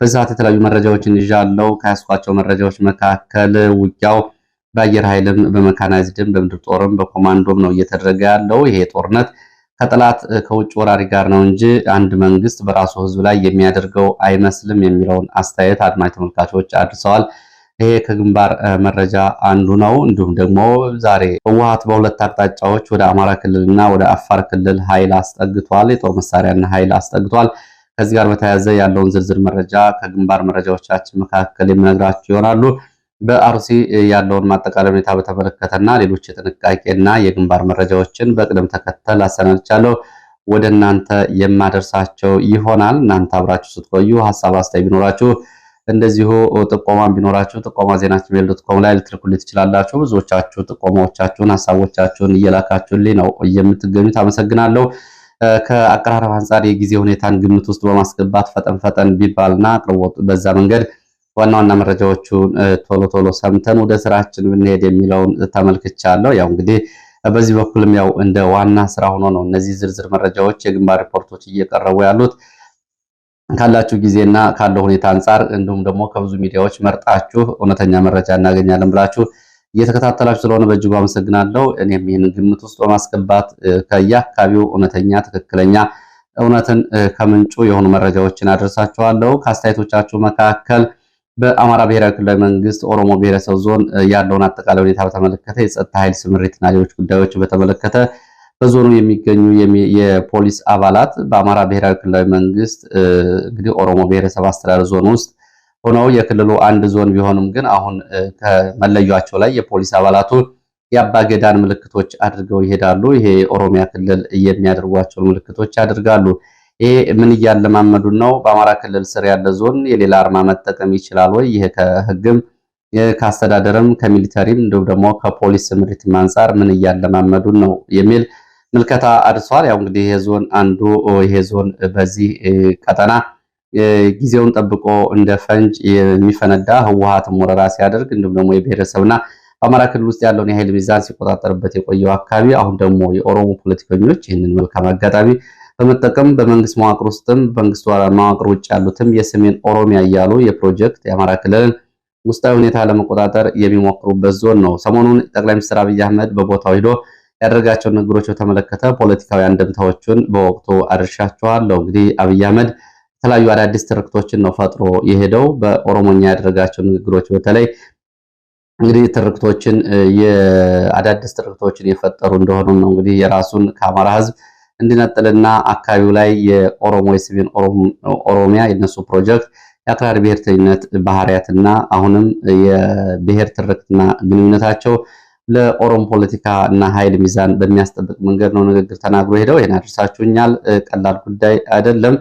በዚህ ሰዓት የተለያዩ መረጃዎችን ይዣለሁ። ከያስኳቸው መረጃዎች መካከል ውጊያው በአየር ኃይልም በመካናይዝድም በምድር ጦርም በኮማንዶም ነው እየተደረገ ያለው። ይሄ ጦርነት ከጠላት ከውጭ ወራሪ ጋር ነው እንጂ አንድ መንግስት በራሱ ህዝብ ላይ የሚያደርገው አይመስልም የሚለውን አስተያየት አድማጭ ተመልካቾች አድርሰዋል። ይሄ ከግንባር መረጃ አንዱ ነው። እንዲሁም ደግሞ ዛሬ ህወሓት በሁለት አቅጣጫዎች ወደ አማራ ክልልና ወደ አፋር ክልል ኃይል አስጠግቷል። የጦር መሳሪያና ኃይል አስጠግቷል። ከዚህ ጋር በተያያዘ ያለውን ዝርዝር መረጃ ከግንባር መረጃዎቻችን መካከል የምነግራችሁ ይሆናሉ። በአርሲ ያለውን ማጠቃለያ ሁኔታ በተመለከተና ሌሎች የጥንቃቄና የግንባር መረጃዎችን በቅደም ተከተል አሰናድቻለሁ ወደ እናንተ የማደርሳቸው ይሆናል። እናንተ አብራችሁ ስትቆዩ ሀሳብ አስተያየት ቢኖራችሁ እንደዚሁ ጥቆማን ቢኖራችሁ ጥቆማ ዜናችን ሜል ዶት ኮም ላይ ልትልኩልኝ ትችላላችሁ። ብዙዎቻችሁ ጥቆማዎቻችሁን፣ ሀሳቦቻችሁን እየላካችሁልኝ ነው የምትገኙት። አመሰግናለሁ። ከአቀራረብ አንጻር የጊዜ ሁኔታን ግምት ውስጥ በማስገባት ፈጠን ፈጠን ቢባልና አቅርቦት በዛ መንገድ ዋና ዋና መረጃዎቹን ቶሎ ቶሎ ሰምተን ወደ ስራችን ብንሄድ የሚለውን ተመልክቻለሁ። ያው እንግዲህ በዚህ በኩልም ያው እንደ ዋና ስራ ሆኖ ነው እነዚህ ዝርዝር መረጃዎች የግንባር ሪፖርቶች እየቀረቡ ያሉት ካላችሁ ጊዜና ካለው ሁኔታ አንጻር እንዲሁም ደግሞ ከብዙ ሚዲያዎች መርጣችሁ እውነተኛ መረጃ እናገኛለን ብላችሁ እየተከታተላችሁ ስለሆነ በእጅጉ አመሰግናለሁ። እኔም ይህንን ግምት ውስጥ በማስገባት ከየአካባቢው እውነተኛ ትክክለኛ እውነትን ከምንጩ የሆኑ መረጃዎችን አደርሳችኋለሁ። ከአስተያየቶቻችሁ መካከል በአማራ ብሔራዊ ክልላዊ መንግስት ኦሮሞ ብሔረሰብ ዞን ያለውን አጠቃላይ ሁኔታ በተመለከተ፣ የጸጥታ ኃይል ስምሪትና ሌሎች ጉዳዮች በተመለከተ በዞኑ የሚገኙ የፖሊስ አባላት በአማራ ብሔራዊ ክልላዊ መንግስት እንግዲህ ኦሮሞ ብሔረሰብ አስተዳደር ዞን ውስጥ ሆነው የክልሉ አንድ ዞን ቢሆንም ግን አሁን ከመለያቸው ላይ የፖሊስ አባላቱ የአባገዳን ምልክቶች አድርገው ይሄዳሉ። ይሄ ኦሮሚያ ክልል የሚያደርጓቸውን ምልክቶች ያደርጋሉ። ይሄ ምን እያለማመዱን ነው? በአማራ ክልል ስር ያለ ዞን የሌላ አርማ መጠቀም ይችላል ወይ? ይሄ ከህግም ከአስተዳደርም ከሚሊተሪም እንዲሁም ደግሞ ከፖሊስ ምሪትም አንጻር ምን እያለማመዱን ነው የሚል ምልከታ አድሷል። ያው እንግዲህ ይሄ ዞን አንዱ ይሄ ዞን በዚህ ቀጠና ጊዜውን ጠብቆ እንደ ፈንጭ የሚፈነዳ ህወሀትም ወረራ ሲያደርግ እንዲሁም ደግሞ የብሔረሰብና በአማራ ክልል ውስጥ ያለውን የኃይል ሚዛን ሲቆጣጠርበት የቆየው አካባቢ አሁን ደግሞ የኦሮሞ ፖለቲከኞች ይህንን መልካም አጋጣሚ በመጠቀም በመንግስት መዋቅር ውስጥም መንግስት መዋቅር ውጭ ያሉትም የሰሜን ኦሮሚያ እያሉ የፕሮጀክት የአማራ ክልልን ውስጣዊ ሁኔታ ለመቆጣጠር የሚሞክሩበት ዞን ነው። ሰሞኑን ጠቅላይ ሚኒስትር አብይ አህመድ በቦታው ሂዶ ያደረጋቸውን ንግግሮች በተመለከተ ፖለቲካዊ አንድምታዎቹን በወቅቱ አድርሻችኋለሁ። እንግዲህ አብይ አህመድ የተለያዩ አዳዲስ ትርክቶችን ነው ፈጥሮ የሄደው። በኦሮሞኛ ያደረጋቸው ንግግሮች በተለይ እንግዲህ ትርክቶችን የአዳዲስ ትርክቶችን የፈጠሩ እንደሆኑ ነው እንግዲህ የራሱን ከአማራ ህዝብ እንዲነጥልና አካባቢው ላይ የኦሮሞ የሰሜን ኦሮሚያ የነሱ ፕሮጀክት የአክራሪ ብሔርተኝነት ባህሪያትና አሁንም የብሔር ትርክትና ግንኙነታቸው ለኦሮሞ ፖለቲካ እና ኃይል ሚዛን በሚያስጠብቅ መንገድ ነው ንግግር ተናግሮ ሄደው። ይህን አድርሳችሁኛል። ቀላል ጉዳይ አይደለም።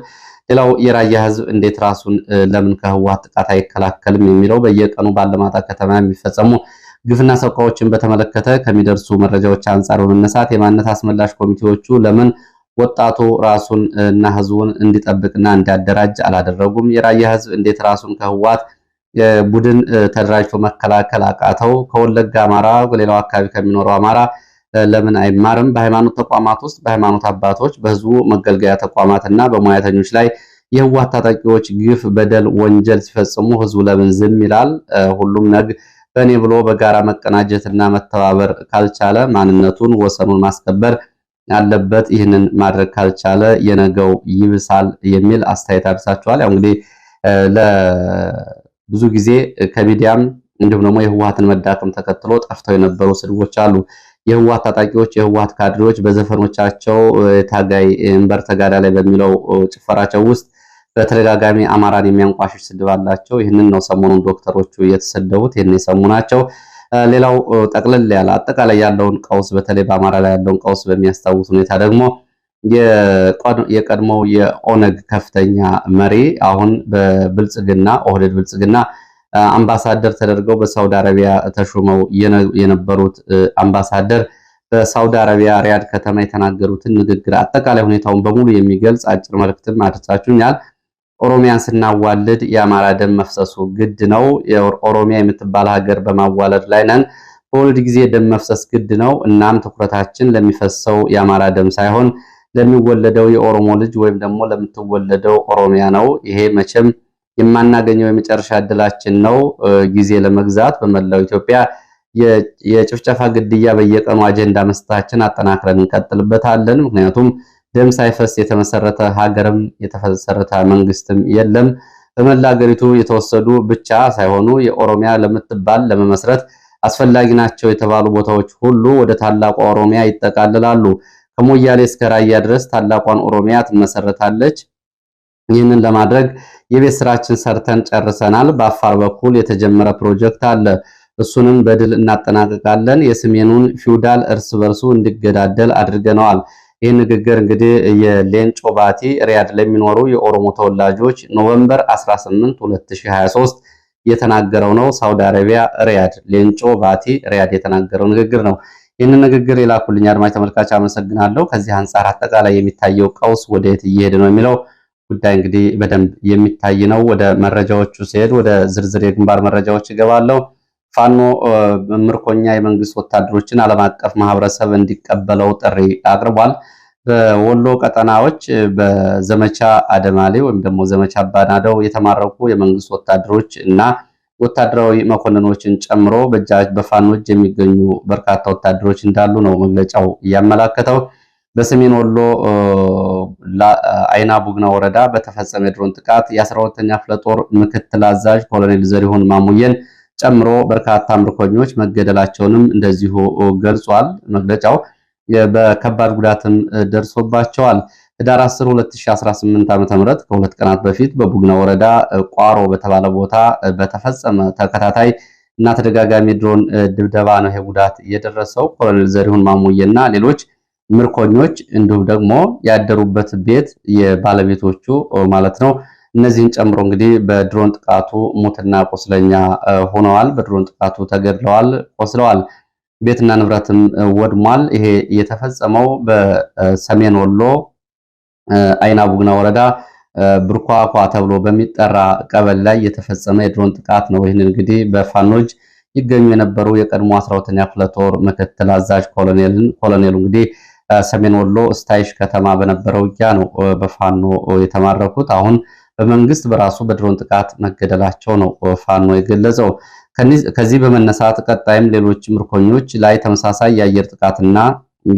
ሌላው የራያ ህዝብ እንዴት ራሱን ለምን ከህወሓት ጥቃት አይከላከልም የሚለው በየቀኑ ባለማጣ ከተማ የሚፈጸሙ ግፍና ሰቆቃዎችን በተመለከተ ከሚደርሱ መረጃዎች አንጻር በመነሳት የማንነት አስመላሽ ኮሚቴዎቹ ለምን ወጣቱ ራሱን እና ህዝቡን እንዲጠብቅና እንዲያደራጅ አላደረጉም? የራያ ህዝብ እንዴት ራሱን ከህወሓት ቡድን ተደራጅቶ መከላከል አቃተው? ከወለጋ አማራ ሌላው አካባቢ ከሚኖረው አማራ ለምን አይማርም? በሃይማኖት ተቋማት ውስጥ በሃይማኖት አባቶች፣ በህዝቡ መገልገያ ተቋማት እና በሙያተኞች ላይ የህወሓት ታጣቂዎች ግፍ፣ በደል፣ ወንጀል ሲፈጽሙ ህዝቡ ለምን ዝም ይላል? ሁሉም ነግ በእኔ ብሎ በጋራ መቀናጀትና መተባበር ካልቻለ ማንነቱን ወሰኑን ማስከበር አለበት። ይህንን ማድረግ ካልቻለ የነገው ይብሳል የሚል አስተያየት አድርሳችኋል። ያው እንግዲህ ለብዙ ጊዜ ከሚዲያም እንዲሁም ደግሞ የህወሓትን መዳከም ተከትሎ ጠፍተው የነበሩ ስድቦች አሉ። የህወሓት ታጣቂዎች የህወሓት ካድሬዎች በዘፈኖቻቸው ታጋይ ተጋዳ ላይ በሚለው ጭፈራቸው ውስጥ በተደጋጋሚ አማራን የሚያንቋሽሽ ስድብ አላቸው። ይህንን ነው ሰሞኑን ዶክተሮቹ እየተሰደቡት ይህን የሰሙ ናቸው። ሌላው ጠቅለል ያለ አጠቃላይ ያለውን ቀውስ በተለይ በአማራ ላይ ያለውን ቀውስ በሚያስታውስ ሁኔታ ደግሞ የቀድሞው የኦነግ ከፍተኛ መሪ አሁን በብልጽግና ኦህደድ ብልጽግና አምባሳደር ተደርገው በሳውዲ አረቢያ ተሾመው የነበሩት አምባሳደር በሳውዲ አረቢያ ሪያድ ከተማ የተናገሩትን ንግግር አጠቃላይ ሁኔታውን በሙሉ የሚገልጽ አጭር መልእክትም አድርሳችሁኛል። ኦሮሚያን ስናዋልድ የአማራ ደም መፍሰሱ ግድ ነው። ኦሮሚያ የምትባል ሀገር በማዋለድ ላይ ነን። በወልድ ጊዜ ደም መፍሰስ ግድ ነው። እናም ትኩረታችን ለሚፈሰው የአማራ ደም ሳይሆን ለሚወለደው የኦሮሞ ልጅ ወይም ደግሞ ለምትወለደው ኦሮሚያ ነው። ይሄ መቼም የማናገኘው የመጨረሻ እድላችን ነው። ጊዜ ለመግዛት በመላው ኢትዮጵያ የጭፍጨፋ ግድያ በየቀኑ አጀንዳ መስጠታችን አጠናክረን እንቀጥልበታለን። ምክንያቱም ደም ሳይፈስ የተመሰረተ ሀገርም የተመሰረተ መንግስትም የለም። በመላ ሀገሪቱ የተወሰዱ ብቻ ሳይሆኑ የኦሮሚያ ለምትባል ለመመስረት አስፈላጊ ናቸው የተባሉ ቦታዎች ሁሉ ወደ ታላቁ ኦሮሚያ ይጠቃልላሉ። ከሞያሌ እስከ ራያ ድረስ ታላቋን ኦሮሚያ ትመሰረታለች። ይህንን ለማድረግ የቤት ስራችን ሰርተን ጨርሰናል። በአፋር በኩል የተጀመረ ፕሮጀክት አለ። እሱንም በድል እናጠናቅቃለን። የሰሜኑን ፊውዳል እርስ በርሱ እንዲገዳደል አድርገነዋል። ይህ ንግግር እንግዲህ የሌንጮ ባቲ ሪያድ ለሚኖሩ የኦሮሞ ተወላጆች ኖቨምበር 18 2023 የተናገረው ነው። ሳውዲ አረቢያ ሪያድ፣ ሌንጮ ባቲ ሪያድ የተናገረው ንግግር ነው። ይህንን ንግግር የላኩልኝ አድማጭ ተመልካች አመሰግናለሁ። ከዚህ አንጻር አጠቃላይ የሚታየው ቀውስ ወደየት እየሄደ ነው የሚለው ጉዳይ እንግዲህ በደንብ የሚታይ ነው። ወደ መረጃዎቹ ሲሄድ ወደ ዝርዝር የግንባር መረጃዎች ይገባለው። ፋኖ ምርኮኛ የመንግስት ወታደሮችን ዓለም አቀፍ ማህበረሰብ እንዲቀበለው ጥሪ አቅርቧል። በወሎ ቀጠናዎች በዘመቻ አደማሌ ወይም ደግሞ ዘመቻ አባናደው የተማረኩ የመንግስት ወታደሮች እና ወታደራዊ መኮንኖችን ጨምሮ በፋኖ እጅ የሚገኙ በርካታ ወታደሮች እንዳሉ ነው መግለጫው እያመላከተው። በሰሜን ወሎ አይና ቡግና ወረዳ በተፈጸመ የድሮን ጥቃት የ12ኛ ክፍለ ጦር ምክትል አዛዥ ኮሎኔል ዘሪሁን ማሙየን ጨምሮ በርካታ ምርኮኞች መገደላቸውንም እንደዚሁ ገልጿል መግለጫው። በከባድ ጉዳትም ደርሶባቸዋል። ህዳር 10 2018 ዓ.ም ከሁለት ቀናት በፊት በቡግና ወረዳ ቋሮ በተባለ ቦታ በተፈጸመ ተከታታይ እና ተደጋጋሚ ድሮን ድብደባ ነው ይሄ ጉዳት የደረሰው። ኮሎኔል ዘሪሁን ማሙዬና ሌሎች ምርኮኞች እንዲሁም ደግሞ ያደሩበት ቤት የባለቤቶቹ ማለት ነው። እነዚህን ጨምሮ እንግዲህ በድሮን ጥቃቱ ሙትና ቆስለኛ ሆነዋል። በድሮን ጥቃቱ ተገድለዋል፣ ቆስለዋል። ቤትና ንብረትም ወድሟል። ይሄ የተፈጸመው በሰሜን ወሎ አይና ቡግና ወረዳ ብርኳኳ ተብሎ በሚጠራ ቀበሌ ላይ የተፈጸመ የድሮን ጥቃት ነው። ይህን እንግዲህ በፋኖች ይገኙ የነበሩ የቀድሞ አስራ ሁለተኛ ክፍለ ጦር ምክትል አዛዥ ኮሎኔል ኮሎኔሉ እንግዲህ ሰሜን ወሎ ስታይሽ ከተማ በነበረው ውጊያ ነው በፋኖ የተማረኩት። አሁን በመንግስት በራሱ በድሮን ጥቃት መገደላቸው ነው ፋኖ የገለጸው። ከዚህ በመነሳት ቀጣይም ሌሎች ምርኮኞች ላይ ተመሳሳይ የአየር ጥቃትና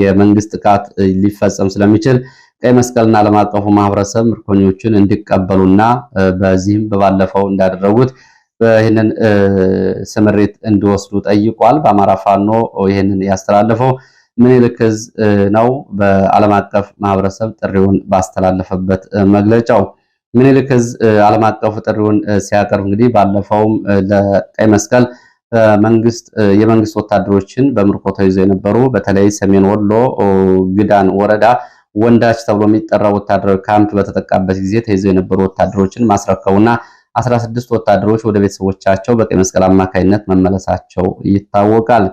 የመንግስት ጥቃት ሊፈጸም ስለሚችል ቀይ መስቀልና ዓለም አቀፉ ማህበረሰብ ምርኮኞቹን እንዲቀበሉና በዚህም በባለፈው እንዳደረጉት ይህንን ስምሪት እንዲወስዱ ጠይቋል። በአማራ ፋኖ ይህንን ያስተላለፈው ምን ዕዝ ነው በዓለም አቀፍ ማህበረሰብ ጥሪውን ባስተላለፈበት መግለጫው ምን ዕዝ ዓለም አቀፉ ጥሪውን ሲያቀርብ እንግዲህ ባለፈውም ለቀይ መስቀል መንግስት የመንግስት ወታደሮችን በምርኮ ተይዘው የነበሩ በተለይ ሰሜን ወሎ ግዳን ወረዳ ወንዳች ተብሎ የሚጠራ ወታደራዊ ካምፕ በተጠቃበት ጊዜ ተይዘው የነበሩ ወታደሮችን ማስረከቡና 16 ወታደሮች ወደ ቤተሰቦቻቸው በቀይ መስቀል አማካኝነት መመለሳቸው ይታወቃል።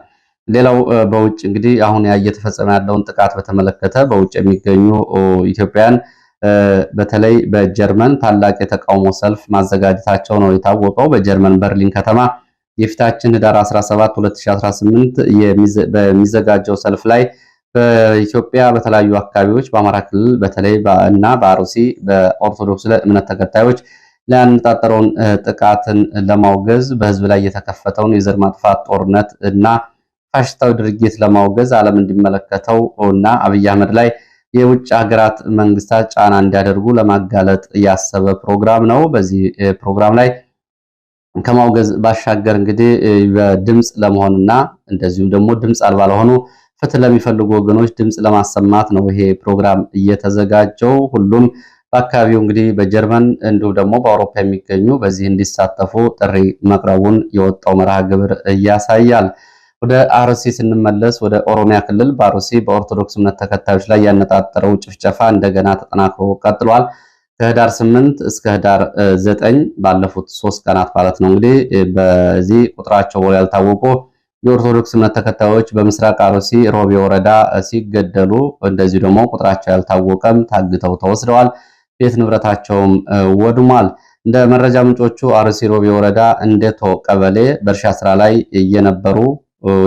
ሌላው በውጭ እንግዲህ አሁን እየተፈጸመ ያለውን ጥቃት በተመለከተ በውጭ የሚገኙ ኢትዮጵያውያን በተለይ በጀርመን ታላቅ የተቃውሞ ሰልፍ ማዘጋጀታቸው ነው የታወቀው። በጀርመን በርሊን ከተማ የፊታችን ህዳር 17 2018 በሚዘጋጀው ሰልፍ ላይ በኢትዮጵያ በተለያዩ አካባቢዎች በአማራ ክልል በተለይ እና በአሩሲ በኦርቶዶክስ እምነት ተከታዮች ላይ ያነጣጠረውን ጥቃትን ለማውገዝ በህዝብ ላይ የተከፈተውን የዘር ማጥፋት ጦርነት እና ፋሽስታዊ ድርጊት ለማውገዝ ዓለም እንዲመለከተው እና አብይ አህመድ ላይ የውጭ ሀገራት መንግስታት ጫና እንዲያደርጉ ለማጋለጥ ያሰበ ፕሮግራም ነው። በዚህ ፕሮግራም ላይ ከማውገዝ ባሻገር እንግዲህ በድምፅ ለመሆንና እንደዚሁም ደግሞ ድምፅ አልባ ለሆኑ ፍትህ ለሚፈልጉ ወገኖች ድምፅ ለማሰማት ነው ይሄ ፕሮግራም እየተዘጋጀው። ሁሉም በአካባቢው እንግዲህ በጀርመን እንዲሁም ደግሞ በአውሮፓ የሚገኙ በዚህ እንዲሳተፉ ጥሪ መቅረቡን የወጣው መርሃ ግብር ያሳያል። ወደ አርሲ ስንመለስ ወደ ኦሮሚያ ክልል በአርሲ በኦርቶዶክስ እምነት ተከታዮች ላይ ያነጣጠረው ጭፍጨፋ እንደገና ተጠናክሮ ቀጥሏል። ከህዳር 8 እስከ ህዳር ዘጠኝ ባለፉት ሶስት ቀናት ማለት ነው እንግዲህ በዚህ ቁጥራቸው ወር ያልታወቁ የኦርቶዶክስ እምነት ተከታዮች በምስራቅ አርሲ ሮቤ ወረዳ ሲገደሉ፣ እንደዚሁ ደግሞ ቁጥራቸው ያልታወቀም ታግተው ተወስደዋል። ቤት ንብረታቸውም ወድሟል። እንደ መረጃ ምንጮቹ አርሲ ሮቤ ወረዳ እንዴቶ ቀበሌ በእርሻ ስራ ላይ እየነበሩ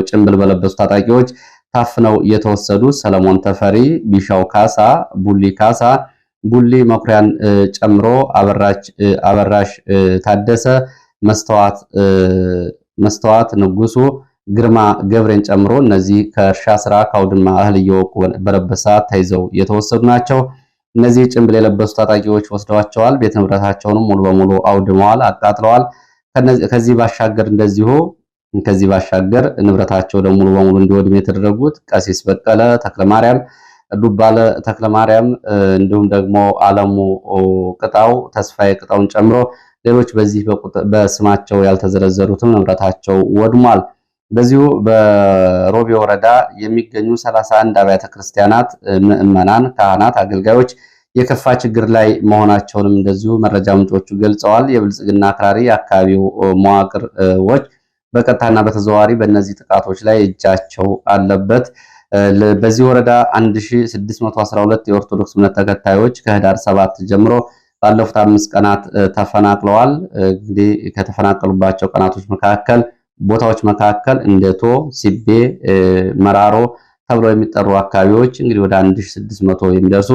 ጭንብል በለበሱ ታጣቂዎች ታፍነው የተወሰዱ ሰለሞን ተፈሪ፣ ቢሻው ካሳ፣ ቡሊ ካሳ፣ ቡሊ መኩሪያን ጨምሮ አበራሽ ታደሰ፣ መስተዋት ንጉሱ፣ ግርማ ገብሬን ጨምሮ እነዚህ ከእርሻ ስራ ከአውድማ እህል እየወቁ በነበረበት ሰዓት ተይዘው የተወሰዱ ናቸው። እነዚህ ጭንብል የለበሱ ታጣቂዎች ወስደዋቸዋል። ቤት ንብረታቸውንም ሙሉ በሙሉ አውድመዋል፣ አቃጥለዋል። ከዚህ ባሻገር እንደዚሁ ከዚህ ባሻገር ንብረታቸው ደግሞ ሙሉ በሙሉ እንዲወድም የተደረጉት ቀሲስ በቀለ ተክለማርያም፣ ዱባለ ተክለማርያም እንዲሁም ደግሞ አለሙ ቅጣው፣ ተስፋዬ ቅጣውን ጨምሮ ሌሎች በዚህ በስማቸው ያልተዘረዘሩትም ንብረታቸው ወድሟል። በዚሁ በሮቢ ወረዳ የሚገኙ 31 አብያተ ክርስቲያናት ምዕመናን፣ ካህናት፣ አገልጋዮች የከፋ ችግር ላይ መሆናቸውንም እንደዚሁ መረጃ ምንጮቹ ገልጸዋል። የብልጽግና አክራሪ የአካባቢው መዋቅሮች በቀጥታና በተዘዋዋሪ በእነዚህ ጥቃቶች ላይ እጃቸው አለበት። በዚህ ወረዳ 1612 የኦርቶዶክስ እምነት ተከታዮች ከህዳር 7 ጀምሮ ባለፉት አምስት ቀናት ተፈናቅለዋል። እንግዲህ ከተፈናቀሉባቸው ቀናቶች መካከል ቦታዎች መካከል እንዴቶ፣ ሲቤ፣ መራሮ ተብለው የሚጠሩ አካባቢዎች እንግዲህ ወደ 1600 የሚደርሱ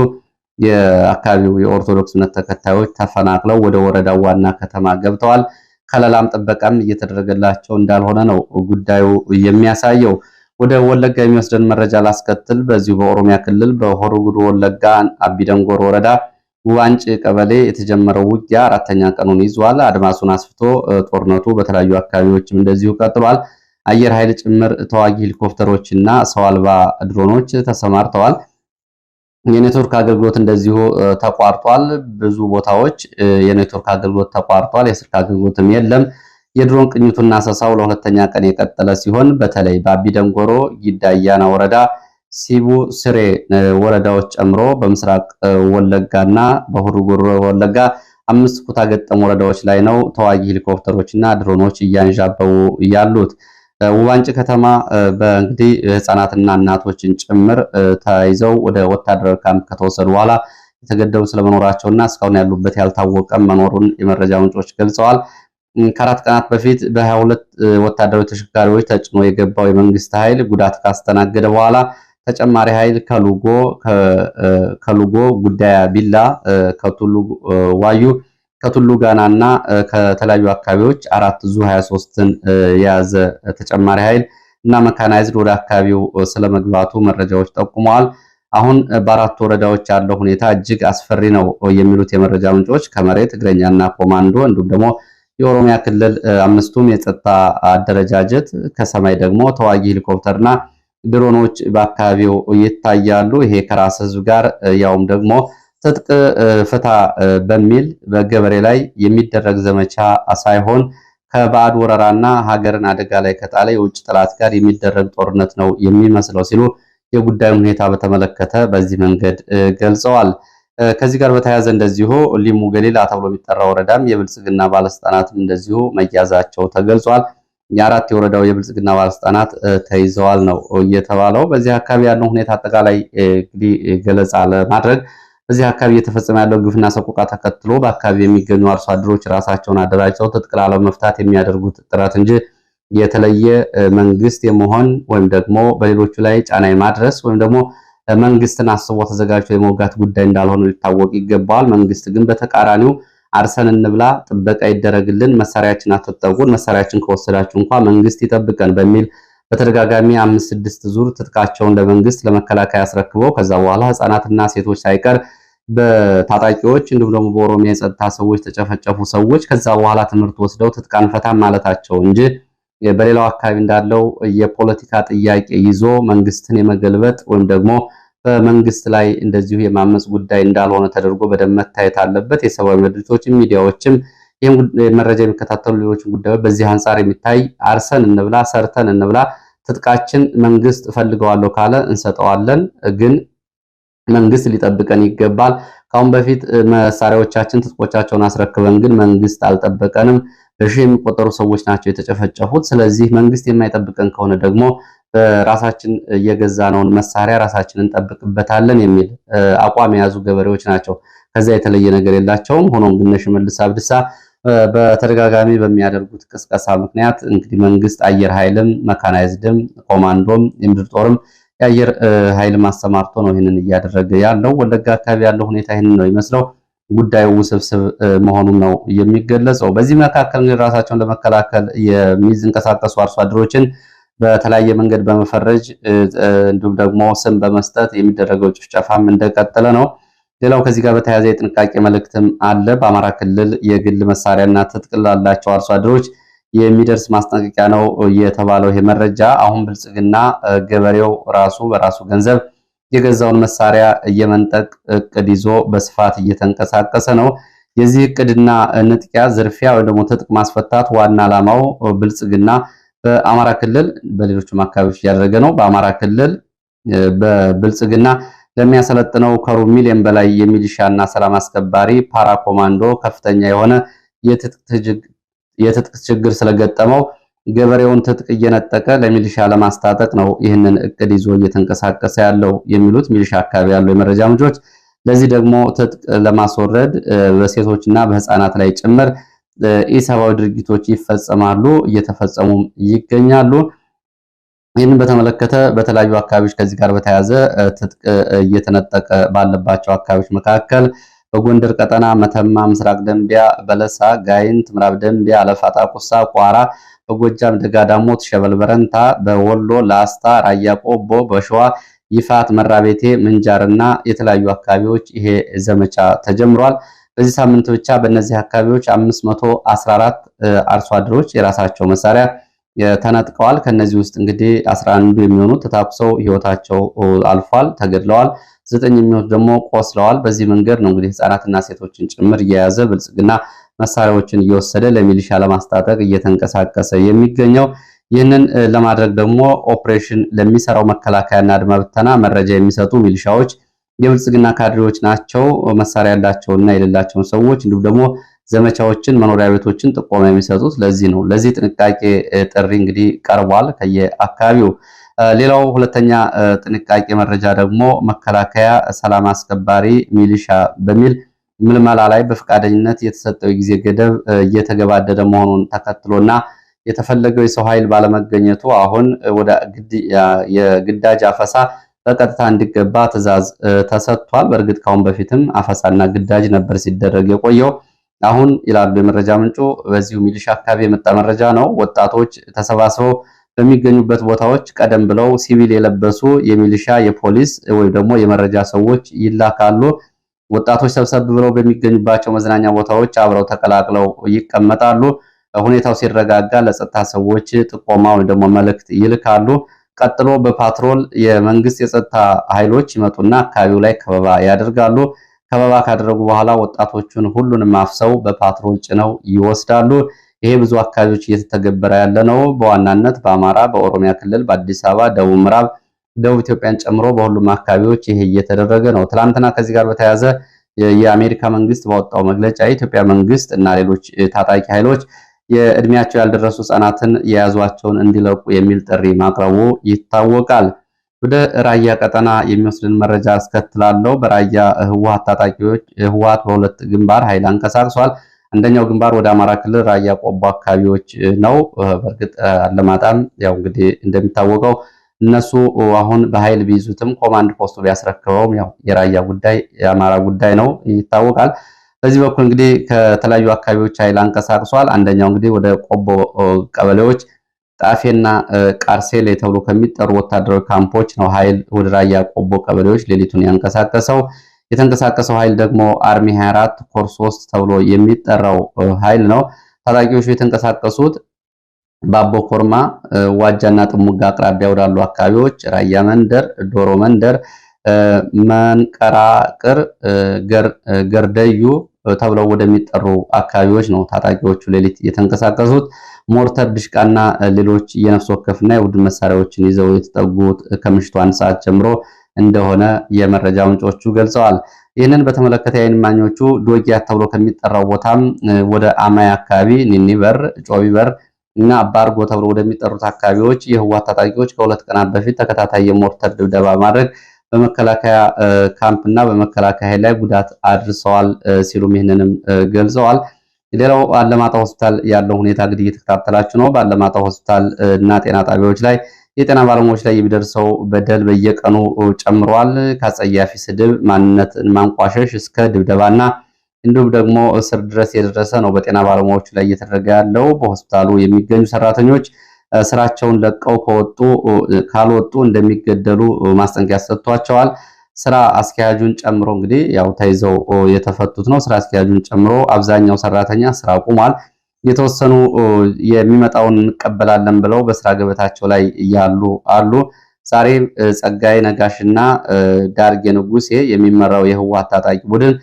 የአካባቢው የኦርቶዶክስ እምነት ተከታዮች ተፈናቅለው ወደ ወረዳው ዋና ከተማ ገብተዋል። ከለላም ጥበቃም እየተደረገላቸው እንዳልሆነ ነው ጉዳዩ የሚያሳየው። ወደ ወለጋ የሚወስደን መረጃ ላስከትል። በዚሁ በኦሮሚያ ክልል በሆሮ ጉዱሩ ወለጋ አቢደንጎር ወረዳ ዋንጭ ቀበሌ የተጀመረው ውጊያ አራተኛ ቀኑን ይዟል። አድማሱን አስፍቶ ጦርነቱ በተለያዩ አካባቢዎችም እንደዚሁ ቀጥሏል። አየር ኃይል ጭምር ተዋጊ ሄሊኮፕተሮች እና ሰው አልባ ድሮኖች ተሰማርተዋል። የኔትወርክ አገልግሎት እንደዚሁ ተቋርጧል። ብዙ ቦታዎች የኔትወርክ አገልግሎት ተቋርጧል። የስልክ አገልግሎትም የለም። የድሮን ቅኝቱና አሰሳው ለሁለተኛ ቀን የቀጠለ ሲሆን በተለይ ባቢ ደንጎሮ፣ ጊዳያና ወረዳ፣ ሲቡ ስሬ ወረዳዎች ጨምሮ በምስራቅ ወለጋና በሁሩ ወለጋ አምስት ኩታ ገጠም ወረዳዎች ላይ ነው ተዋጊ ሄሊኮፕተሮችና ድሮኖች እያንዣበቡ ያሉት። ውባንጭ ከተማ በእንግዲህ ህፃናትና እናቶችን ጭምር ተይዘው ወደ ወታደራዊ ካምፕ ከተወሰዱ በኋላ የተገደሉ ስለመኖራቸውና እስካሁን ያሉበት ያልታወቀ መኖሩን የመረጃ ምንጮች ገልጸዋል። ከአራት ቀናት በፊት በ ሁለት ወታደራዊ ተሽከርካሪዎች ተጭኖ የገባው የመንግስት ኃይል ጉዳት ካስተናገደ በኋላ ተጨማሪ ኃይል ከሉጎ ጉዳያ ቢላ ከቱሉ ዋዩ ከቱሉ ጋናና ከተለያዩ አካባቢዎች አራት ዙ 23ን የያዘ ተጨማሪ ኃይል እና መካናይዝድ ወደ አካባቢው ስለመግባቱ መረጃዎች ጠቁመዋል። አሁን በአራት ወረዳዎች ያለው ሁኔታ እጅግ አስፈሪ ነው የሚሉት የመረጃ ምንጮች ከመሬት እግረኛና ኮማንዶ እንዲሁም ደግሞ የኦሮሚያ ክልል አምስቱም የጸጥታ አደረጃጀት ከሰማይ ደግሞ ተዋጊ ሄሊኮፕተርና ድሮኖች በአካባቢው ይታያሉ። ይሄ ከራስ ህዝብ ጋር ያውም ደግሞ ትጥቅ ፍታ በሚል በገበሬ ላይ የሚደረግ ዘመቻ ሳይሆን ከባዕድ ወረራና ሀገርን አደጋ ላይ ከጣለ የውጭ ጠላት ጋር የሚደረግ ጦርነት ነው የሚመስለው ሲሉ የጉዳዩን ሁኔታ በተመለከተ በዚህ መንገድ ገልጸዋል። ከዚህ ጋር በተያያዘ እንደዚሁ ሊሙ ገሊላ ተብሎ የሚጠራ ወረዳም የብልጽግና ባለስልጣናትም እንደዚሁ መያዛቸው ተገልጿል። የአራት የወረዳው የብልጽግና ባለስልጣናት ተይዘዋል ነው እየተባለው። በዚህ አካባቢ ያለው ሁኔታ አጠቃላይ እንግዲህ ገለጻ ለማድረግ በዚህ አካባቢ እየተፈጸመ ያለው ግፍና ሰቆቃ ተከትሎ በአካባቢ የሚገኙ አርሶ አደሮች ራሳቸውን አደራጅተው ትጥቅ መፍታት የሚያደርጉት ጥረት እንጂ የተለየ መንግስት የመሆን ወይም ደግሞ በሌሎቹ ላይ ጫና የማድረስ ወይም ደግሞ መንግስትን አስቦ ተዘጋጅቶ የመውጋት ጉዳይ እንዳልሆነ ሊታወቅ ይገባዋል። መንግስት ግን በተቃራኒው አርሰን እንብላ፣ ጥበቃ ይደረግልን፣ መሳሪያችን አትጠቁን፣ መሳሪያችን ከወሰዳችሁ እንኳ መንግስት ይጠብቀን በሚል በተደጋጋሚ አምስት ስድስት ዙር ትጥቃቸውን ለመንግስት ለመከላከያ አስረክበው ከዛ በኋላ ህጻናትና ሴቶች ሳይቀር በታጣቂዎች እንዲሁም ደግሞ በኦሮሚያ የጸጥታ ሰዎች ተጨፈጨፉ ሰዎች ከዛ በኋላ ትምህርት ወስደው ትጥቃን ፈታ ማለታቸው እንጂ በሌላው አካባቢ እንዳለው የፖለቲካ ጥያቄ ይዞ መንግስትን የመገልበጥ ወይም ደግሞ በመንግስት ላይ እንደዚሁ የማመፅ ጉዳይ እንዳልሆነ ተደርጎ በደንብ መታየት አለበት። የሰብአዊ ድርጅቶችም ሚዲያዎችም ይህም መረጃ የሚከታተሉ ሌሎችን ጉዳዮች በዚህ አንጻር የሚታይ አርሰን እንብላ ሰርተን እንብላ ትጥቃችን መንግስት እፈልገዋለሁ ካለ እንሰጠዋለን ግን መንግስት ሊጠብቀን ይገባል። ከአሁን በፊት መሳሪያዎቻችን ትጥቆቻቸውን አስረክበን ግን መንግስት አልጠበቀንም። በሺ የሚቆጠሩ ሰዎች ናቸው የተጨፈጨፉት። ስለዚህ መንግስት የማይጠብቀን ከሆነ ደግሞ በራሳችን የገዛነውን መሳሪያ ራሳችን እንጠብቅበታለን የሚል አቋም የያዙ ገበሬዎች ናቸው። ከዛ የተለየ ነገር የላቸውም። ሆኖም ግን ሽመልስ አብዲሳ በተደጋጋሚ በሚያደርጉት ቅስቀሳ ምክንያት እንግዲህ መንግስት አየር ኃይልም፣ መካናይዝድም፣ ኮማንዶም፣ የምድር ጦርም የአየር ኃይል ማሰማርቶ ነው ይህንን እያደረገ ያለው። ወለጋ አካባቢ ያለው ሁኔታ ይህንን ነው ይመስለው። ጉዳዩ ውስብስብ መሆኑን ነው የሚገለጸው። በዚህ መካከል እንግዲህ ራሳቸውን ለመከላከል የሚንቀሳቀሱ አርሶ አደሮችን በተለያየ መንገድ በመፈረጅ እንዲሁም ደግሞ ስም በመስጠት የሚደረገው ጭፍጨፋም እንደቀጠለ ነው። ሌላው ከዚህ ጋር በተያያዘ የጥንቃቄ መልእክትም አለ። በአማራ ክልል የግል መሳሪያና ትጥቅ ላላቸው አርሶ አደሮች የሚደርስ ማስጠንቀቂያ ነው የተባለው ይሄ መረጃ። አሁን ብልጽግና ገበሬው ራሱ በራሱ ገንዘብ የገዛውን መሳሪያ እየመንጠቅ እቅድ ይዞ በስፋት እየተንቀሳቀሰ ነው። የዚህ እቅድና ንጥቂያ፣ ዝርፊያ ወይም ደግሞ ትጥቅ ማስፈታት ዋና ዓላማው ብልጽግና በአማራ ክልል በሌሎችም አካባቢዎች እያደረገ ነው። በአማራ ክልል በብልጽግና ለሚያሰለጥነው ከሩብ ሚሊዮን በላይ የሚሊሻና ሰላም አስከባሪ ፓራ ኮማንዶ ከፍተኛ የሆነ የትጥቅ የትጥቅ ችግር ስለገጠመው ገበሬውን ትጥቅ እየነጠቀ ለሚሊሻ ለማስታጠቅ ነው ይህንን እቅድ ይዞ እየተንቀሳቀሰ ያለው የሚሉት ሚሊሻ አካባቢ ያለው የመረጃ ምንጮች። ለዚህ ደግሞ ትጥቅ ለማስወረድ በሴቶችና በህፃናት ላይ ጭምር ኢሰብአዊ ድርጊቶች ይፈጸማሉ፣ እየተፈጸሙ ይገኛሉ። ይህንን በተመለከተ በተለያዩ አካባቢዎች ከዚህ ጋር በተያያዘ ትጥቅ እየተነጠቀ ባለባቸው አካባቢዎች መካከል በጎንደር ቀጠና መተማ፣ ምስራቅ ደንቢያ፣ በለሳ፣ ጋይንት፣ ምዕራብ ደንቢያ፣ አለፋጣ ቁሳ ቋራ፣ በጎጃም ደጋዳሞት፣ ሸበል በረንታ፣ በወሎ ላስታ፣ ራያ ቆቦ፣ በሸዋ ይፋት፣ መራቤቴ፣ ምንጃርና የተለያዩ አካባቢዎች ይሄ ዘመቻ ተጀምሯል። በዚህ ሳምንት ብቻ በእነዚህ አካባቢዎች 514 አርሶ አደሮች የራሳቸው መሳሪያ ተነጥቀዋል። ከነዚህ ውስጥ እንግዲህ 11 የሚሆኑ ተታኩሰው ህይወታቸው አልፏል፣ ተገድለዋል። ዘጠኝ የሚሆኑ ደግሞ ቆስለዋል። በዚህ መንገድ ነው እንግዲህ ህጻናትና ሴቶችን ጭምር እየያዘ ብልጽግና መሳሪያዎችን እየወሰደ ለሚሊሻ ለማስታጠቅ እየተንቀሳቀሰ የሚገኘው። ይህንን ለማድረግ ደግሞ ኦፕሬሽን ለሚሰራው መከላከያና አድማ ብተና መረጃ የሚሰጡ ሚሊሻዎች የብልጽግና ካድሬዎች ናቸው። መሳሪያ ያላቸውና የሌላቸውን ሰዎች እንዲሁም ደግሞ ዘመቻዎችን፣ መኖሪያ ቤቶችን ጥቆማ የሚሰጡት ለዚህ ነው። ለዚህ ጥንቃቄ ጥሪ እንግዲህ ቀርቧል ከየአካባቢው። ሌላው ሁለተኛ ጥንቃቄ መረጃ ደግሞ መከላከያ፣ ሰላም አስከባሪ፣ ሚሊሻ በሚል ምልመላ ላይ በፈቃደኝነት የተሰጠው ጊዜ ገደብ እየተገባደደ መሆኑን ተከትሎና የተፈለገው የሰው ኃይል ባለመገኘቱ አሁን ወደ የግዳጅ አፈሳ በቀጥታ እንዲገባ ትዕዛዝ ተሰጥቷል። በእርግጥ ካሁን በፊትም አፈሳና ግዳጅ ነበር ሲደረግ የቆየው። አሁን ይላሉ የመረጃ ምንጩ፣ በዚሁ ሚሊሻ አካባቢ የመጣ መረጃ ነው። ወጣቶች ተሰባስበው በሚገኙበት ቦታዎች ቀደም ብለው ሲቪል የለበሱ የሚሊሻ የፖሊስ ወይም ደግሞ የመረጃ ሰዎች ይላካሉ። ወጣቶች ሰብሰብ ብለው በሚገኙባቸው መዝናኛ ቦታዎች አብረው ተቀላቅለው ይቀመጣሉ። ሁኔታው ሲረጋጋ ለጸጥታ ሰዎች ጥቆማ ወይም ደግሞ መልእክት ይልካሉ። ቀጥሎ በፓትሮል የመንግስት የጸጥታ ኃይሎች ይመጡና አካባቢው ላይ ከበባ ያደርጋሉ። ከበባ ካደረጉ በኋላ ወጣቶቹን ሁሉንም አፍሰው በፓትሮል ጭነው ይወስዳሉ። ይሄ ብዙ አካባቢዎች እየተተገበረ ያለ ነው። በዋናነት በአማራ፣ በኦሮሚያ ክልል፣ በአዲስ አበባ፣ ደቡብ ምዕራብ፣ ደቡብ ኢትዮጵያን ጨምሮ በሁሉም አካባቢዎች ይሄ እየተደረገ ነው። ትናንትና ከዚህ ጋር በተያያዘ የአሜሪካ መንግስት ባወጣው መግለጫ የኢትዮጵያ መንግስት እና ሌሎች ታጣቂ ኃይሎች የእድሜያቸው ያልደረሱ ህጻናትን የያዟቸውን እንዲለቁ የሚል ጥሪ ማቅረቡ ይታወቃል። ወደ ራያ ቀጠና የሚወስድን መረጃ አስከትላለሁ። በራያ ህወሓት ታጣቂዎች ህወሓት በሁለት ግንባር ኃይል አንቀሳቅሷል። አንደኛው ግንባር ወደ አማራ ክልል ራያ ቆቦ አካባቢዎች ነው። በእርግጥ አለማጣም ያው እንግዲህ እንደሚታወቀው እነሱ አሁን በኃይል ቢይዙትም ኮማንድ ፖስቱ ቢያስረክበውም ያው የራያ ጉዳይ የአማራ ጉዳይ ነው ይታወቃል። በዚህ በኩል እንግዲህ ከተለያዩ አካባቢዎች ኃይል አንቀሳቅሷል። አንደኛው እንግዲህ ወደ ቆቦ ቀበሌዎች ጣፌና ቃርሴሌ ተብሎ ከሚጠሩ ወታደራዊ ካምፖች ነው ኃይል ወደ ራያ ቆቦ ቀበሌዎች ሌሊቱን ያንቀሳቀሰው። የተንቀሳቀሰው ኃይል ደግሞ አርሚ 24 ኮር 3 ተብሎ የሚጠራው ኃይል ነው። ታጣቂዎቹ የተንቀሳቀሱት ባቦ ኮርማ፣ ዋጃና ጥሙጋ አቅራቢያ ወዳሉ አካባቢዎች ራያ መንደር፣ ዶሮ መንደር፣ መንቀራቅር፣ ገርደዩ ተብለው ወደሚጠሩ አካባቢዎች ነው ታጣቂዎቹ ሌሊት የተንቀሳቀሱት። ሞርተር ድሽቃና ሌሎች የነፍስ ወከፍና የቡድን መሳሪያዎችን ይዘው የተጠጉት ከምሽቱ አንድ ሰዓት ጀምሮ እንደሆነ የመረጃ ምንጮቹ ገልጸዋል። ይህንን በተመለከተ የዓይን እማኞቹ ዶጊያ ተብሎ ከሚጠራው ቦታም ወደ አማያ አካባቢ ኒኒ በር፣ ጮቢ በር እና አባርጎ ተብሎ ወደሚጠሩት አካባቢዎች የህዋ ታጣቂዎች ከሁለት ቀናት በፊት ተከታታይ የሞርተር ድብደባ በማድረግ በመከላከያ ካምፕ እና በመከላከያ ላይ ጉዳት አድርሰዋል ሲሉም ይህንንም ገልጸዋል። ሌላው አለማጣ ሆስፒታል ያለው ሁኔታ እንግዲህ እየተከታተላችሁ ነው። በአለማጣ ሆስፒታል እና ጤና ጣቢያዎች ላይ የጤና ባለሙያዎች ላይ የሚደርሰው በደል በየቀኑ ጨምሯል። ከአጸያፊ ስድብ፣ ማንነትን ማንቋሸሽ እስከ ድብደባና እንዲሁም ደግሞ እስር ድረስ የደረሰ ነው በጤና ባለሙያዎቹ ላይ እየተደረገ ያለው። በሆስፒታሉ የሚገኙ ሰራተኞች ስራቸውን ለቀው ከወጡ ካልወጡ እንደሚገደሉ ማስጠንቀቂያ ሰጥቷቸዋል። ስራ አስኪያጁን ጨምሮ እንግዲህ ያው ተይዘው የተፈቱት ነው። ስራ አስኪያጁን ጨምሮ አብዛኛው ሰራተኛ ስራ ቁሟል። የተወሰኑ የሚመጣውን እንቀበላለን ብለው በስራ ገበታቸው ላይ ያሉ አሉ። ዛሬ ጸጋይ ነጋሽና ዳርጌ ንጉሴ የሚመራው የህወሓት ታጣቂ ቡድን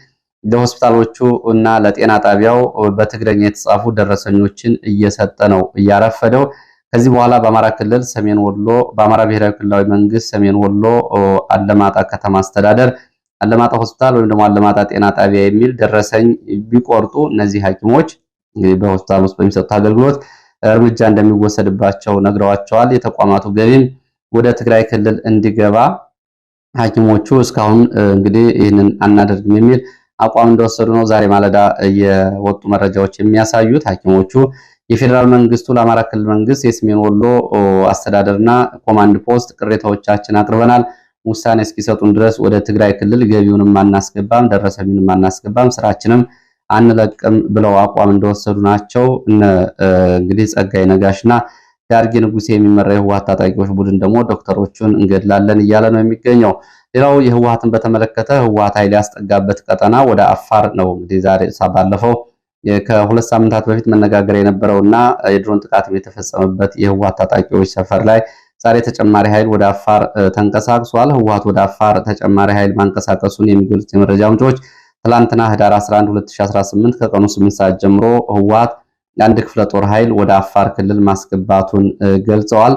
ለሆስፒታሎቹ እና ለጤና ጣቢያው በትግረኛ የተጻፉ ደረሰኞችን እየሰጠ ነው እያረፈደው ከዚህ በኋላ በአማራ ክልል ሰሜን ወሎ በአማራ ብሔራዊ ክልላዊ መንግስት ሰሜን ወሎ አለማጣ ከተማ አስተዳደር አለማጣ ሆስፒታል ወይም ደግሞ አለማጣ ጤና ጣቢያ የሚል ደረሰኝ ቢቆርጡ እነዚህ ሐኪሞች በሆስፒታል ውስጥ በሚሰጡት አገልግሎት እርምጃ እንደሚወሰድባቸው ነግረዋቸዋል። የተቋማቱ ገቢም ወደ ትግራይ ክልል እንዲገባ ሐኪሞቹ እስካሁን እንግዲህ ይህንን አናደርግም የሚል አቋም እንደወሰዱ ነው ዛሬ ማለዳ የወጡ መረጃዎች የሚያሳዩት ሐኪሞቹ የፌዴራል መንግስቱ ለአማራ ክልል መንግስት የሰሜን ወሎ አስተዳደርና ኮማንድ ፖስት ቅሬታዎቻችን አቅርበናል። ውሳኔ እስኪሰጡን ድረስ ወደ ትግራይ ክልል ገቢውንም አናስገባም፣ ደረሰቢውንም አናስገባም፣ ስራችንም አንለቅም ብለው አቋም እንደወሰዱ ናቸው። እንግዲህ ጸጋይ ነጋሽና ዳርጌ ንጉሴ የሚመራ የህወሀት ታጣቂዎች ቡድን ደግሞ ዶክተሮቹን እንገድላለን እያለ ነው የሚገኘው። ሌላው የህወሀትን በተመለከተ ህወሀት ኃይል ያስጠጋበት ቀጠና ወደ አፋር ነው እንግዲህ ዛሬ ባለፈው ከሁለት ሳምንታት በፊት የነበረው እና የድሮን ጥቃትም የተፈጸመበት የህወሓት ታጣቂዎች ሰፈር ላይ ዛሬ ተጨማሪ ኃይል ወደ አፋር ተንቀሳቅሷል። ህወሓት ወደ አፋር ተጨማሪ ኃይል ማንቀሳቀሱን የሚገልጹት የመረጃ ምንጮች ትላንትና ህዳር 11 2018 ከቀኑ 8 ሰዓት ጀምሮ ህወሓት አንድ ክፍለ ጦር ኃይል ወደ አፋር ክልል ማስገባቱን ገልጸዋል።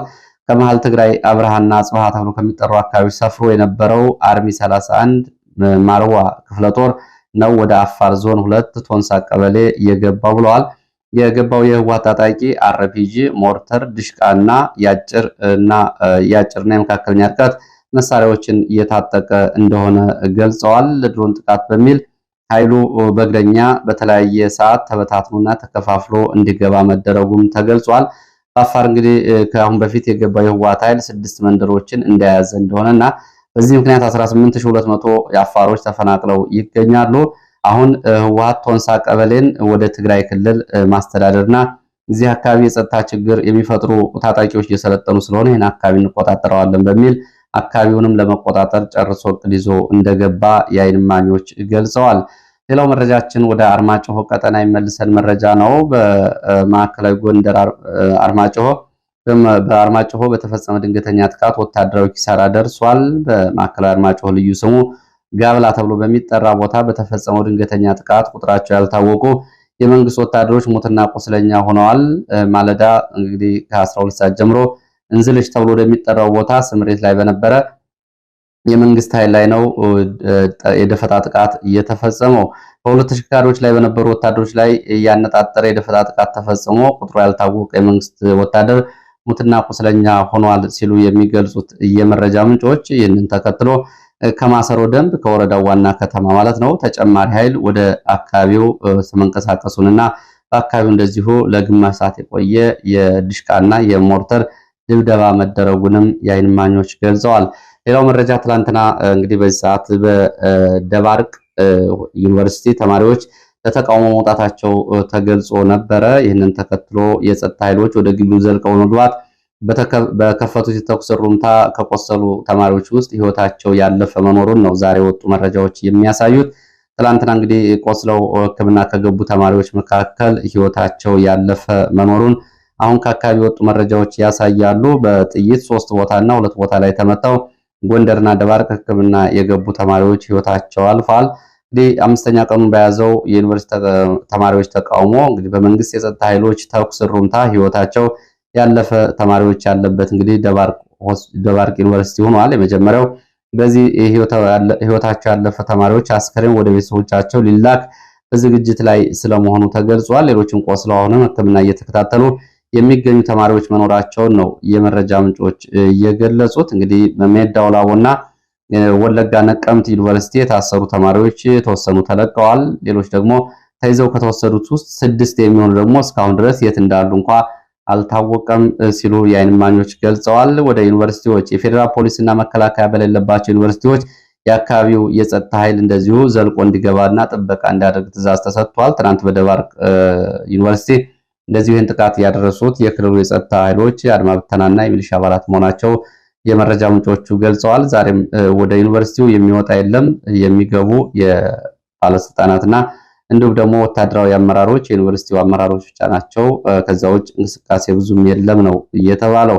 ከመሃል ትግራይ አብርሃና ጽባህ ተብሎ ከሚጠሩ አካባቢ ሰፍሮ የነበረው አርሚ 31 ማርዋ ክፍለ ጦር ነው ወደ አፋር ዞን ሁለት ቶንሳ ቀበሌ የገባው ብለዋል። የገባው የህወሓት ታጣቂ አረፒጂ፣ ሞርተር፣ ድሽቃና የአጭርና የመካከለኛ ርቀት መሳሪያዎችን እየታጠቀ እንደሆነ ገልጸዋል። ለድሮን ጥቃት በሚል ኃይሉ በእግረኛ በተለያየ ሰዓት ተበታትኖና ተከፋፍሎ እንዲገባ መደረጉም ተገልጿል። በአፋር እንግዲህ ከአሁን በፊት የገባው የህወሓት ኃይል ስድስት መንደሮችን እንደያዘ እንደሆነና በዚህ ምክንያት 18200 የአፋሮች ተፈናቅለው ይገኛሉ። አሁን ህወሓት ቶንሳ ቀበሌን ወደ ትግራይ ክልል ማስተዳደርና እዚህ አካባቢ የጸጥታ ችግር የሚፈጥሩ ታጣቂዎች እየሰለጠኑ ስለሆነ ይህን አካባቢ እንቆጣጠረዋለን በሚል አካባቢውንም ለመቆጣጠር ጨርሶ እቅድ ይዞ እንደገባ የዓይን እማኞች ገልጸዋል። ሌላው መረጃችን ወደ አርማጭሆ ቀጠና የሚመልሰን መረጃ ነው። በማዕከላዊ ጎንደር አርማጭሆ በአርማጭሆ በተፈጸመ ድንገተኛ ጥቃት ወታደራዊ ኪሳራ ደርሷል። በማዕከላዊ አርማጭሆ ልዩ ስሙ ጋብላ ተብሎ በሚጠራ ቦታ በተፈጸመው ድንገተኛ ጥቃት ቁጥራቸው ያልታወቁ የመንግስት ወታደሮች ሞትና ቁስለኛ ሆነዋል። ማለዳ እንግዲህ ከ12 ሰዓት ጀምሮ እንዝልሽ ተብሎ ወደሚጠራው ቦታ ስምሬት ላይ በነበረ የመንግስት ኃይል ላይ ነው የደፈጣ ጥቃት እየተፈጸመው። በሁለት ተሽከርካሪዎች ላይ በነበሩ ወታደሮች ላይ እያነጣጠረ የደፈጣ ጥቃት ተፈጽሞ ቁጥሩ ያልታወቀ የመንግስት ወታደር ሙትና ቁስለኛ ሆኗል ሲሉ የሚገልጹት የመረጃ ምንጮች ይህንን ተከትሎ ከማሰሮ ደንብ ከወረዳው ዋና ከተማ ማለት ነው ተጨማሪ ኃይል ወደ አካባቢው መንቀሳቀሱንና በአካባቢው እንደዚሁ ለግማሽ ሰዓት የቆየ የድሽቃና የሞርተር ድብደባ መደረጉንም የዓይን እማኞች ገልጸዋል። ሌላው መረጃ ትላንትና እንግዲህ በዚህ ሰዓት በደባርቅ ዩኒቨርሲቲ ተማሪዎች ለተቃውሞ መውጣታቸው ተገልጾ ነበረ። ይህንን ተከትሎ የጸጥታ ኃይሎች ወደ ግቢው ዘልቀው መግባት በከፈቱት የተኩስ ሩምታ ከቆሰሉ ተማሪዎች ውስጥ ህይወታቸው ያለፈ መኖሩን ነው ዛሬ የወጡ መረጃዎች የሚያሳዩት። ትላንትና እንግዲህ ቆስለው ሕክምና ከገቡ ተማሪዎች መካከል ህይወታቸው ያለፈ መኖሩን አሁን ከአካባቢ የወጡ መረጃዎች ያሳያሉ። በጥይት ሶስት ቦታና ሁለት ቦታ ላይ ተመተው ጎንደርና ደባርቅ ሕክምና የገቡ ተማሪዎች ህይወታቸው አልፏል። እንግዲህ አምስተኛ ቀኑን በያዘው የዩኒቨርሲቲ ተማሪዎች ተቃውሞ እንግዲህ በመንግስት የጸጥታ ኃይሎች ተኩስ እሩምታ ህይወታቸው ያለፈ ተማሪዎች ያለበት እንግዲህ ደባርቅ ዩኒቨርሲቲ ሆኗል። የመጀመሪያው በዚህ ህይወታቸው ያለፈ ተማሪዎች አስከሬን ወደ ቤተሰቦቻቸው ሊላክ በዝግጅት ላይ ስለመሆኑ ተገልጿል። ሌሎችም ቆስለው አሁንም ሕክምና እየተከታተሉ የሚገኙ ተማሪዎች መኖራቸውን ነው የመረጃ ምንጮች እየገለጹት እንግዲህ ሜዳው ወለጋ ነቀምት ዩኒቨርሲቲ የታሰሩ ተማሪዎች የተወሰኑ ተለቀዋል። ሌሎች ደግሞ ተይዘው ከተወሰዱት ውስጥ ስድስት የሚሆኑ ደግሞ እስካሁን ድረስ የት እንዳሉ እንኳ አልታወቀም ሲሉ የአይን እማኞች ገልጸዋል። ወደ ዩኒቨርሲቲዎች የፌዴራል ፖሊስና መከላከያ በሌለባቸው ዩኒቨርሲቲዎች የአካባቢው የጸጥታ ኃይል እንደዚሁ ዘልቆ እንዲገባና ጥበቃ እንዲያደርግ ትእዛዝ ተሰጥቷል። ትናንት በደባርቅ ዩኒቨርሲቲ እንደዚሁ ይህን ጥቃት ያደረሱት የክልሉ የጸጥታ ኃይሎች አድማ ብተናና የሚሊሻ አባላት መሆናቸው የመረጃ ምንጮቹ ገልጸዋል። ዛሬም ወደ ዩኒቨርሲቲው የሚወጣ የለም። የሚገቡ የባለስልጣናትና እንዲሁም ደግሞ ወታደራዊ አመራሮች፣ የዩኒቨርሲቲው አመራሮች ብቻ ናቸው። ከዛ ውጭ እንቅስቃሴ ብዙም የለም ነው እየተባለው።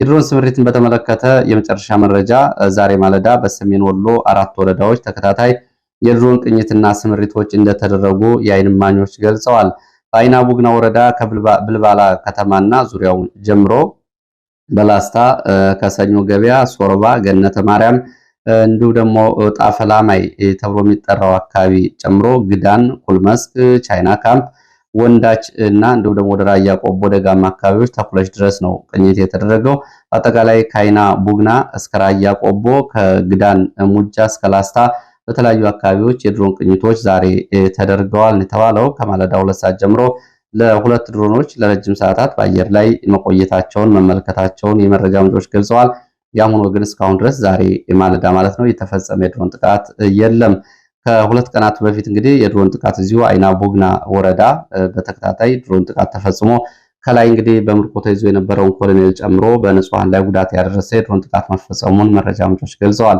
የድሮን ስምሪትን በተመለከተ የመጨረሻ መረጃ ዛሬ ማለዳ በሰሜን ወሎ አራት ወረዳዎች ተከታታይ የድሮን ቅኝትና ስምሪቶች እንደተደረጉ የዓይን እማኞች ገልጸዋል። በአይና ቡግና ወረዳ ከብልባላ ከተማና ዙሪያውን ጀምሮ በላስታ ከሰኞ ገበያ፣ ሶርባ፣ ገነተ ማርያም እንዲሁ ደግሞ ጣፈላማይ ተብሎ የሚጠራው አካባቢ ጨምሮ ግዳን፣ ኩልመስክ፣ ቻይና ካምፕ፣ ወንዳች እና እንዲሁ ደግሞ ወደ ራያ ቆቦ ደጋማ አካባቢዎች ተኩለች ድረስ ነው ቅኝት የተደረገው። አጠቃላይ ካይና ቡግና እስከ ራያ ቆቦ ከግዳን ሙጃ እስከ ላስታ በተለያዩ አካባቢዎች የድሮን ቅኝቶች ዛሬ ተደርገዋል የተባለው ከማለዳ ሁለት ሰዓት ጀምሮ ለሁለት ድሮኖች ለረጅም ሰዓታት በአየር ላይ መቆየታቸውን መመልከታቸውን የመረጃ ምንጮች ገልጸዋል። ያም ሆኖ ግን እስካሁን ድረስ ዛሬ ማለዳ ማለት ነው የተፈጸመ የድሮን ጥቃት የለም። ከሁለት ቀናት በፊት እንግዲህ የድሮን ጥቃት እዚሁ አይና ቦግና ወረዳ በተከታታይ ድሮን ጥቃት ተፈጽሞ ከላይ እንግዲህ በምርኮ ተይዞ የነበረውን ኮሎኔል ጨምሮ በንጹሐን ላይ ጉዳት ያደረሰ የድሮን ጥቃት መፈጸሙን መረጃ ምንጮች ገልጸዋል።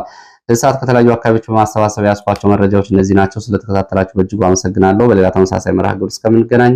ለሰዓት ከተለያዩ አካባቢዎች በማሰባሰብ ያስኳቸው መረጃዎች እነዚህ ናቸው። ስለተከታተላችሁ በእጅጉ አመሰግናለሁ። በሌላ ተመሳሳይ መርሃ ግብር እስከምንገናኝ